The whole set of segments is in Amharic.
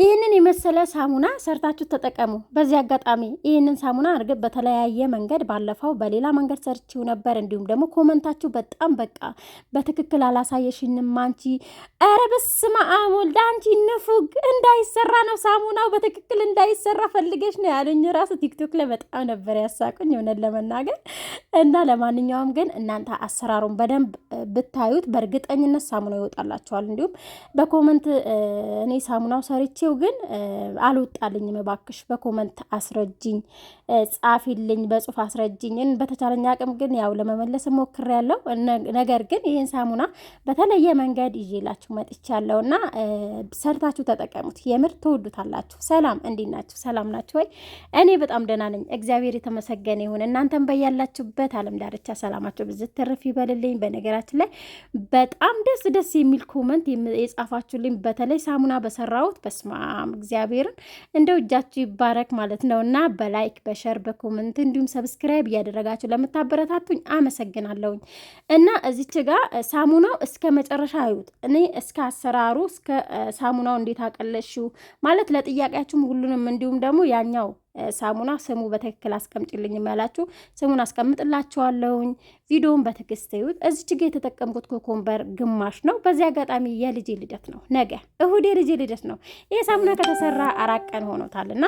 ይህንን የመሰለ ሳሙና ሰርታችሁ ተጠቀሙ። በዚህ አጋጣሚ ይህንን ሳሙና እርግጥ በተለያየ መንገድ ባለፈው በሌላ መንገድ ሰርችው ነበር። እንዲሁም ደግሞ ኮመንታችሁ በጣም በቃ በትክክል አላሳየሽንም አንቺ። ኧረ በስመ አብ ወልድ አንቺ ንፉግ! እንዳይሰራ ነው ሳሙናው በትክክል እንዳይሰራ ፈልገሽ ነው ያለኝ ራሱ ቲክቶክ ላይ በጣም ነበር ያሳቁኝ እውነት ለመናገር እና ለማንኛውም ግን እናንተ አሰራሩን በደንብ ብታዩት በእርግጠኝነት ሳሙናው ይወጣላችኋል። እንዲሁም በኮመንት እኔ ሳሙናው ሰርቼ ቪዲዮ ግን አልወጣልኝም። እባክሽ በኮመንት አስረጅኝ፣ ጻፊልኝ፣ በጽሁፍ አስረጅኝ በተቻለኝ አቅም ግን ያው ለመመለስ ያለው ነገር ግን ይህን ሳሙና በተለየ መንገድ ይዤላችሁ መጥቻለሁ እና ሰርታችሁ ተጠቀሙት። የምር ትወዱታላችሁ። ሰላም፣ እንዴት ናችሁ? ሰላም ናችሁ ወይ? እኔ በጣም ደህና ነኝ፣ እግዚአብሔር የተመሰገነ ይሁን። እናንተም በያላችሁበት አለም ዳርቻ ሰላማችሁ ብዝት ትርፍ ይበልልኝ። በነገራችን ላይ በጣም ደስ ደስ የሚል ኮመንት የጻፋችሁልኝ በተለይ ሳሙና በሰራሁት በስማ በስማም እግዚአብሔርን እንደው እጃችሁ ይባረክ ማለት ነው። እና በላይክ በሸር በኮመንት እንዲሁም ሰብስክራይብ እያደረጋችሁ ለምታበረታቱኝ አመሰግናለሁኝ። እና እዚች ጋ ሳሙናው እስከ መጨረሻ አዩት። እኔ እስከ አሰራሩ እስከ ሳሙናው እንዴት አቀለሽው ማለት ለጥያቄያችሁም ሁሉንም እንዲሁም ደግሞ ያኛው ሳሙና ስሙ በትክክል አስቀምጭልኝ ያላችሁ ስሙን አስቀምጥላችኋለሁኝ። ቪዲዮውን በትዕግስት እዩት። እዚች ጋ የተጠቀምኩት ኮኮምበር ግማሽ ነው። በዚህ አጋጣሚ የልጄ ልደት ነው፣ ነገ እሁድ የልጄ ልደት ነው። ይሄ ሳሙና ከተሰራ አራት ቀን ሆኖታልና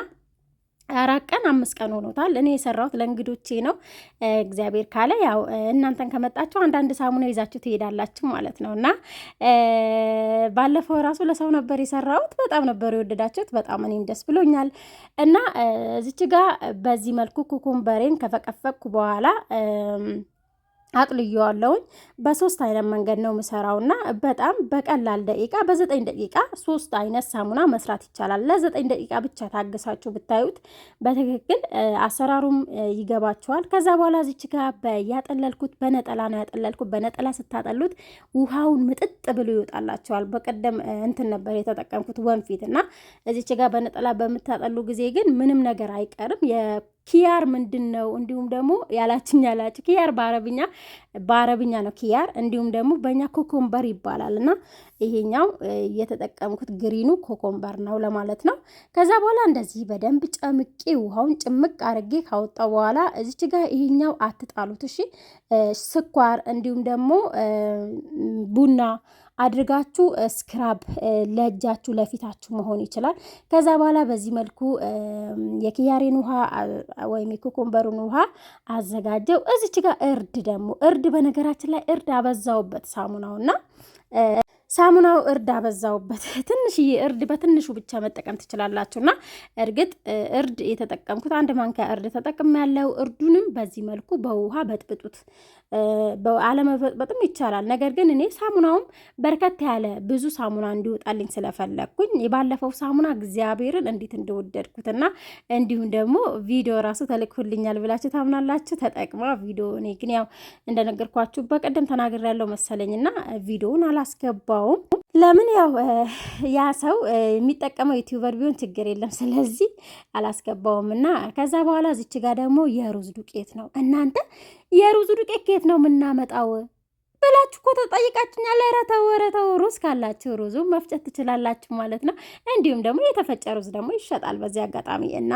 አራት ቀን አምስት ቀን ሆኖታል። እኔ የሰራሁት ለእንግዶቼ ነው። እግዚአብሔር ካለ ያው እናንተን ከመጣችሁ አንዳንድ ሳሙና ይዛችሁ ትሄዳላችሁ ማለት ነው እና ባለፈው ራሱ ለሰው ነበር የሰራሁት። በጣም ነበር የወደዳችሁት። በጣም እኔም ደስ ብሎኛል እና እዚች ጋ በዚህ መልኩ ኩኩምበሬን ከፈቀፈቅኩ በኋላ አቅልየዋለውኝ በሶስት አይነት መንገድ ነው የምሰራው እና በጣም በቀላል ደቂቃ በዘጠኝ ደቂቃ ሶስት አይነት ሳሙና መስራት ይቻላል። ለዘጠኝ ደቂቃ ብቻ ታግሳችሁ ብታዩት በትክክል አሰራሩም ይገባችኋል። ከዛ በኋላ እዚች ጋ ያጠለልኩት በነጠላ ነው ያጠለልኩት። በነጠላ ስታጠሉት ውሃውን ምጥጥ ብሎ ይወጣላቸዋል። በቀደም እንትን ነበር የተጠቀምኩት ወንፊት እና እዚች ጋ በነጠላ በምታጠሉ ጊዜ ግን ምንም ነገር አይቀርም ኪያር ምንድን ነው? እንዲሁም ደግሞ ያላችኝ ያላችሁ ኪያር በአረብኛ በአረብኛ ነው ኪያር። እንዲሁም ደግሞ በእኛ ኮኮምበር ይባላል እና ይሄኛው የተጠቀምኩት ግሪኑ ኮኮምበር ነው ለማለት ነው። ከዛ በኋላ እንደዚህ በደንብ ጨምቄ ውሃውን ጭምቅ አርጌ ካወጣው በኋላ እዚች ጋር ይሄኛው አትጣሉት እሺ፣ ስኳር እንዲሁም ደግሞ ቡና አድርጋችሁ ስክራብ ለእጃችሁ ለፊታችሁ መሆን ይችላል። ከዛ በኋላ በዚህ መልኩ የኪያሬን ውሃ ወይም የኮኮምበሩን ውሃ አዘጋጀው። እዚች ጋር እርድ ደግሞ እርድ በነገራችን ላይ እርድ አበዛውበት ሳሙናውና ሳሙናው እርድ አበዛውበት። ትንሽዬ እርድ በትንሹ ብቻ መጠቀም ትችላላችሁና እርግጥ እርድ የተጠቀምኩት አንድ ማንኪያ እርድ ተጠቅም ያለው። እርዱንም በዚህ መልኩ በውሃ በጥብጡት፣ አለመበጥበጥም ይቻላል። ነገር ግን እኔ ሳሙናውም በርከት ያለ ብዙ ሳሙና እንዲወጣልኝ ስለፈለግኩኝ የባለፈው ሳሙና እግዚአብሔርን እንዴት እንደወደድኩትና እንዲሁም ደግሞ ቪዲዮ ራሱ ተልክሁልኛል ብላችሁ ታምናላችሁ። ተጠቅማ ቪዲዮ እኔ ግን ያው እንደነገርኳችሁ በቀደም ተናግሬያለሁ መሰለኝና ቪዲዮውን አላስገባው አልተወውም። ለምን ያው ያ ሰው የሚጠቀመው ዩቲዩበር ቢሆን ችግር የለም። ስለዚህ አላስገባውም እና ከዛ በኋላ እዚች ጋር ደግሞ የሩዝ ዱቄት ነው። እናንተ የሩዝ ዱቄት ከየት ነው የምናመጣው? ብላችሁ እኮ ተጠይቃችኛል። ኧረ ተው ኧረ ተው። ሩዝ ካላችሁ ሩዙ መፍጨት ትችላላችሁ ማለት ነው። እንዲሁም ደግሞ የተፈጨ ሩዝ ደግሞ ይሸጣል በዚህ አጋጣሚ እና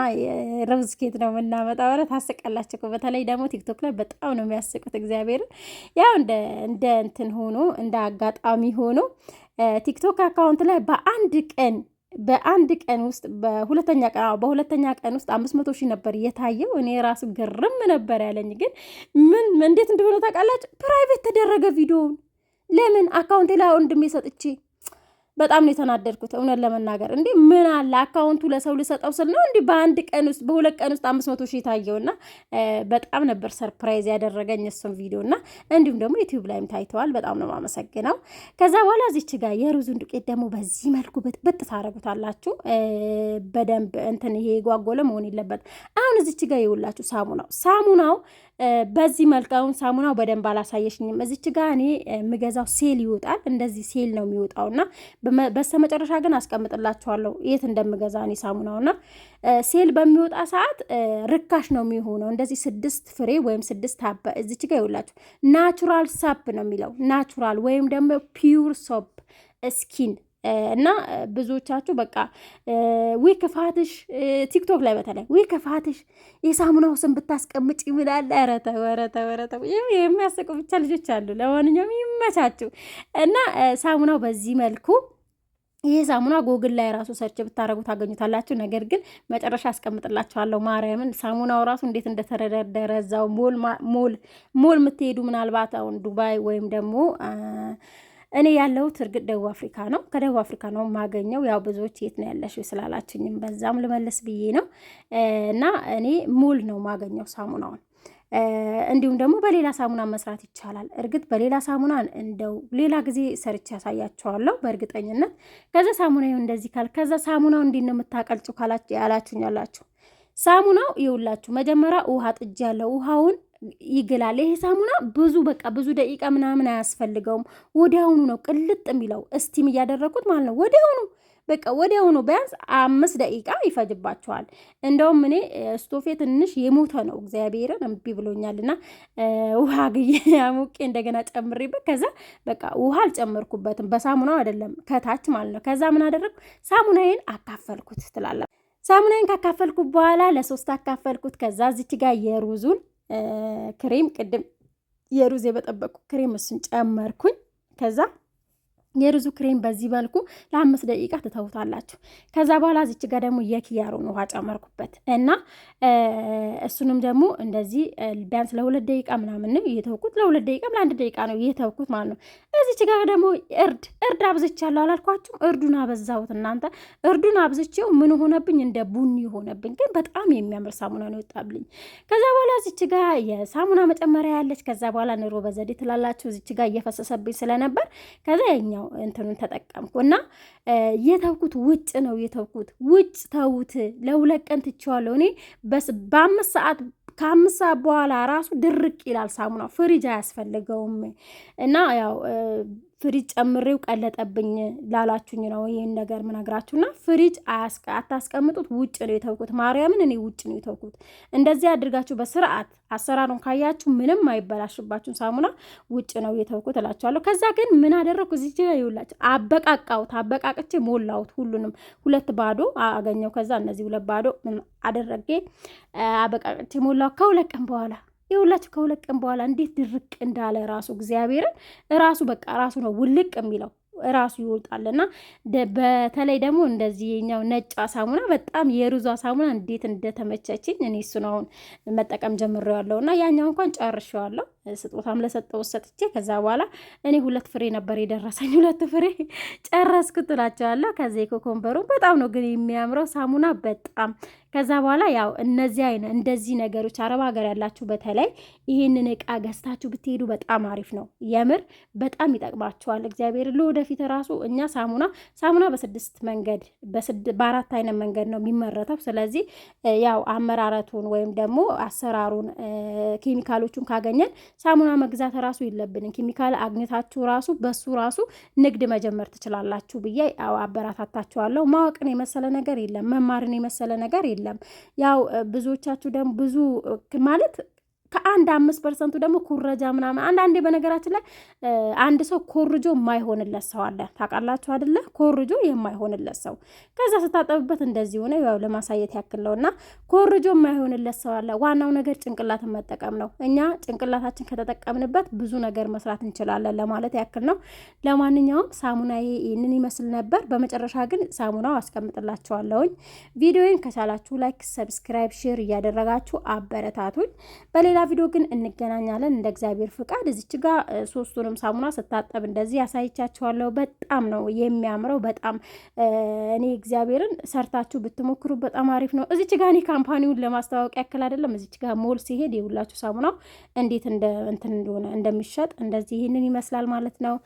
ሩዝ ኬት ነው የምናመጣው። ኧረ ታስቃላችሁ በተለይ ደግሞ ቲክቶክ ላይ በጣም ነው የሚያስቁት። እግዚአብሔርን ያው እንደ እንትን ሆኖ እንደ አጋጣሚ ሆኖ ቲክቶክ አካውንት ላይ በአንድ ቀን በአንድ ቀን ውስጥ በሁለተኛ ቀን በሁለተኛ ቀን ውስጥ አምስት መቶ ሺህ ነበር የታየው። እኔ ራሱ ግርም ነበር ያለኝ። ግን ምን እንዴት እንደሆነ ታውቃላችሁ? ፕራይቬት ተደረገ ቪዲዮውን። ለምን አካውንቴ ላይ ወንድሜ ሰጥቼ በጣም ነው የተናደድኩት። እውነት ለመናገር እንዲ ምን አለ አካውንቱ ለሰው ልሰጠው ስል ነው እንዲ በአንድ ቀን ውስጥ በሁለት ቀን ውስጥ አምስት መቶ ሺህ ታየውና በጣም ነበር ሰርፕራይዝ ያደረገኝ እሱን ቪዲዮ እና እንዲሁም ደግሞ ዩቲዩብ ላይም ታይተዋል። በጣም ነው የማመሰግነው። ከዛ በኋላ እዚች ጋር የሩዙን ዱቄት ደግሞ በዚህ መልኩ በጥብጥ ታረጉታላችሁ። በደንብ እንትን ይሄ የጓጎለ መሆን የለበት። አሁን እዚች ጋር ይውላችሁ ሳሙናው ሳሙናው በዚህ መልክ ሳሙናው በደንብ አላሳየሽኝም። እዚች ጋር እኔ የምገዛው ሴል ይወጣል፣ እንደዚህ ሴል ነው የሚወጣው እና በስተ ግን አስቀምጥላችኋለሁ የት እንደምገዛ እኔ ሳሙናው እና ሴል በሚወጣ ሰዓት ርካሽ ነው የሚሆነው። እንደዚህ ስድስት ፍሬ ወይም ስድስት ሀበ እዚች ጋር ይውላችሁ። ናቹራል ሳፕ ነው የሚለው ናቹራል ወይም ደግሞ ፒዩር ሶፕ ስኪን እና ብዙዎቻችሁ በቃ ዊ ክፋትሽ ቲክቶክ ላይ በተለይ ዊ ክፋትሽ የሳሙናው ስም ብታስቀምጭ ይምላል። ኧረ ተው ኧረ ተው ኧረ ተው። የሚያስቁ ብቻ ልጆች አሉ። ለማንኛውም ይመቻችሁ እና ሳሙናው በዚህ መልኩ ይህ ሳሙና ጎግል ላይ ራሱ ሰርች ብታደረጉ ታገኙታላችሁ። ነገር ግን መጨረሻ አስቀምጥላችኋለሁ። ማርያምን ሳሙናው ራሱ እንዴት እንደተደረደረ እዛው ሞል ሞል ሞል የምትሄዱ ምናልባት አሁን ዱባይ ወይም ደግሞ እኔ ያለሁት እርግጥ ደቡብ አፍሪካ ነው። ከደቡብ አፍሪካ ነው የማገኘው። ያው ብዙዎች የት ነው ያለሽ ስላላችኝም በዛም ልመልስ ብዬ ነው እና እኔ ሙል ነው የማገኘው ሳሙናውን እንዲሁም ደግሞ በሌላ ሳሙና መስራት ይቻላል። እርግጥ በሌላ ሳሙና እንደው ሌላ ጊዜ ሰርች ያሳያቸዋለሁ በእርግጠኝነት። ከዛ ሳሙና እንደዚህ ካል ከዛ ሳሙናው እንዲን የምታቀልጩ ያላችሁኝ ያላችሁ ሳሙናው ይውላችሁ መጀመሪያ ውሃ ያለው ውሃውን ይግላል። ይሄ ሳሙና ብዙ በቃ ብዙ ደቂቃ ምናምን አያስፈልገውም። ወዲያውኑ ነው ቅልጥ የሚለው። እስቲም እያደረግኩት ማለት ነው ወዲያውኑ በቃ ወዲያውኑ ቢያንስ አምስት ደቂቃ ይፈጅባቸዋል። እንደውም እኔ ስቶፌ ትንሽ የሞተ ነው እግዚአብሔርን እምቢ ብሎኛልና ውሃ ግዬ አሞቄ እንደገና ጨምሬበት ከዛ በቃ ውሃ አልጨመርኩበትም በሳሙናው አይደለም ከታች ማለት ነው። ከዛ ምን አደረግኩ ሳሙናዬን አካፈልኩት ትላለ። ሳሙናዬን ካካፈልኩት በኋላ ለሶስት አካፈልኩት። ከዛ እዚች ጋር የሩዙን ክሬም ቅድም የሩዝ የበጠበቅኩ ክሬም እሱን ጨመርኩኝ። ከዛ የሩዙ ክሬም በዚህ መልኩ ለአምስት ደቂቃ ትተውታላችሁ። ከዛ በኋላ እዚች ጋር ደግሞ የኪያሩን ውሃ ጨመርኩበት እና እሱንም ደግሞ እንደዚህ ቢያንስ ለሁለት ደቂቃ ምናምን ነው እየተውኩት። ለሁለት ደቂቃ ለአንድ ደቂቃ ነው እየተውኩት ማለት ነው። እዚች ጋር ደግሞ እርድ እርድ አብዝቻለሁ አላልኳችሁም? እርዱን አበዛሁት እናንተ። እርዱን አብዝቼው ምን ሆነብኝ? እንደ ቡኒ ሆነብኝ። ግን በጣም የሚያምር ሳሙና ነው ይወጣብልኝ። ከዛ በኋላ እዚች ጋር የሳሙና መጨመሪያ ያለች። ከዛ በኋላ ኑሮ በዘዴ ትላላችሁ። እዚች ጋር እየፈሰሰብኝ ስለነበር ከዛ የኛው እንትኑን ተጠቀምኩ እና የተውኩት ውጭ ነው የተውኩት። ውጭ ተውት፣ ለሁለት ቀን ትቼዋለሁ። እኔ በአምስት ሰዓት ከአምስት ሰዓት በኋላ ራሱ ድርቅ ይላል ሳሙና። ፍሪጅ አያስፈልገውም እና ያው ፍሪጅ ጨምሬው ቀለጠብኝ ላላችሁኝ ነው ይህን ነገር ምነግራችሁና፣ ፍሪጅ አታስቀምጡት። ውጭ ነው የተውኩት። ማርያምን እኔ ውጭ ነው የተውኩት። እንደዚህ አድርጋችሁ በስርዓት አሰራሩን ካያችሁ ምንም አይበላሽባችሁን። ሳሙና ውጭ ነው የተውኩት እላችኋለሁ። ከዛ ግን ምን አደረግኩ? እዚህ ይውላችሁ አበቃቃሁት። አበቃቅቼ ሞላሁት። ሁሉንም ሁለት ባዶ አገኘው። ከዛ እነዚህ ሁለት ባዶ አደረጌ አበቃቅቼ ሞላሁ። ከሁለት ቀን በኋላ ይኸውላችሁ ከሁለት ቀን በኋላ እንዴት ድርቅ እንዳለ ራሱ እግዚአብሔርን ራሱ በቃ ራሱ ነው ውልቅ የሚለው ራሱ ይወጣልና። በተለይ ደግሞ እንደዚህ የኛው ነጫ ሳሙና በጣም የሩዟ ሳሙና እንዴት እንደተመቸችኝ እኔ እሱን አሁን መጠቀም ጀምሬዋለሁ እና ያኛው እንኳን ጨርሼዋለሁ። ስጦታም ለሰጠው ሰጥቼ ከዛ በኋላ እኔ ሁለት ፍሬ ነበር የደረሰኝ። ሁለት ፍሬ ጨረስኩት እላቸዋለሁ። ከዚ ኮኮምበሩ በጣም ነው ግን የሚያምረው ሳሙና በጣም ከዛ በኋላ ያው እነዚህ አይነ እንደዚህ ነገሮች አረብ ሀገር ያላችሁ በተለይ ይህንን እቃ ገዝታችሁ ብትሄዱ በጣም አሪፍ ነው። የምር በጣም ይጠቅማችኋል። እግዚአብሔር ለወደፊት ራሱ እኛ ሳሙና ሳሙና በስድስት መንገድ በአራት አይነት መንገድ ነው የሚመረተው። ስለዚህ ያው አመራረቱን ወይም ደግሞ አሰራሩን ኬሚካሎቹን ካገኘን ሳሙና መግዛት ራሱ የለብንም። ኬሚካል አግኝታችሁ ራሱ በሱ ራሱ ንግድ መጀመር ትችላላችሁ ብዬ አበረታታችኋለሁ። ማወቅን የመሰለ ነገር የለም። መማርን የመሰለ ነገር የለም። ያው ብዙዎቻችሁ ደግሞ ብዙ ማለት አንድ አምስት ፐርሰንቱ ደግሞ ኩረጃ ምናምን። አንዳንዴ በነገራችን ላይ አንድ ሰው ኮርጆ የማይሆንለት ሰው አለ ታውቃላችሁ አይደለ? ኮርጆ የማይሆንለት ሰው ከዛ ስታጠብበት እንደዚህ ሆነ። ያው ለማሳየት ያክል ነው እና ኮርጆ የማይሆንለት ሰው አለ። ዋናው ነገር ጭንቅላትን መጠቀም ነው። እኛ ጭንቅላታችን ከተጠቀምንበት ብዙ ነገር መስራት እንችላለን ለማለት ያክል ነው። ለማንኛውም ሳሙና ይህንን ይመስል ነበር። በመጨረሻ ግን ሳሙናው አስቀምጥላችኋለሁኝ። ቪዲዮን ከቻላችሁ ላይክ፣ ሰብስክራይብ፣ ሼር እያደረጋችሁ አበረታቱኝ በሌላ ቪዲዮ ግን እንገናኛለን እንደ እግዚአብሔር ፍቃድ። እዚች ጋ ሶስቱንም ሳሙና ስታጠብ እንደዚህ ያሳይቻችኋለሁ። በጣም ነው የሚያምረው። በጣም እኔ እግዚአብሔርን ሰርታችሁ ብትሞክሩ በጣም አሪፍ ነው። እዚች ጋ እኔ ካምፓኒውን ለማስተዋወቅ ያክል አይደለም። እዚች ጋ ሞል ሲሄድ የሁላችሁ ሳሙናው እንዴት እንትን እንደሆነ እንደሚሸጥ እንደዚህ ይህንን ይመስላል ማለት ነው።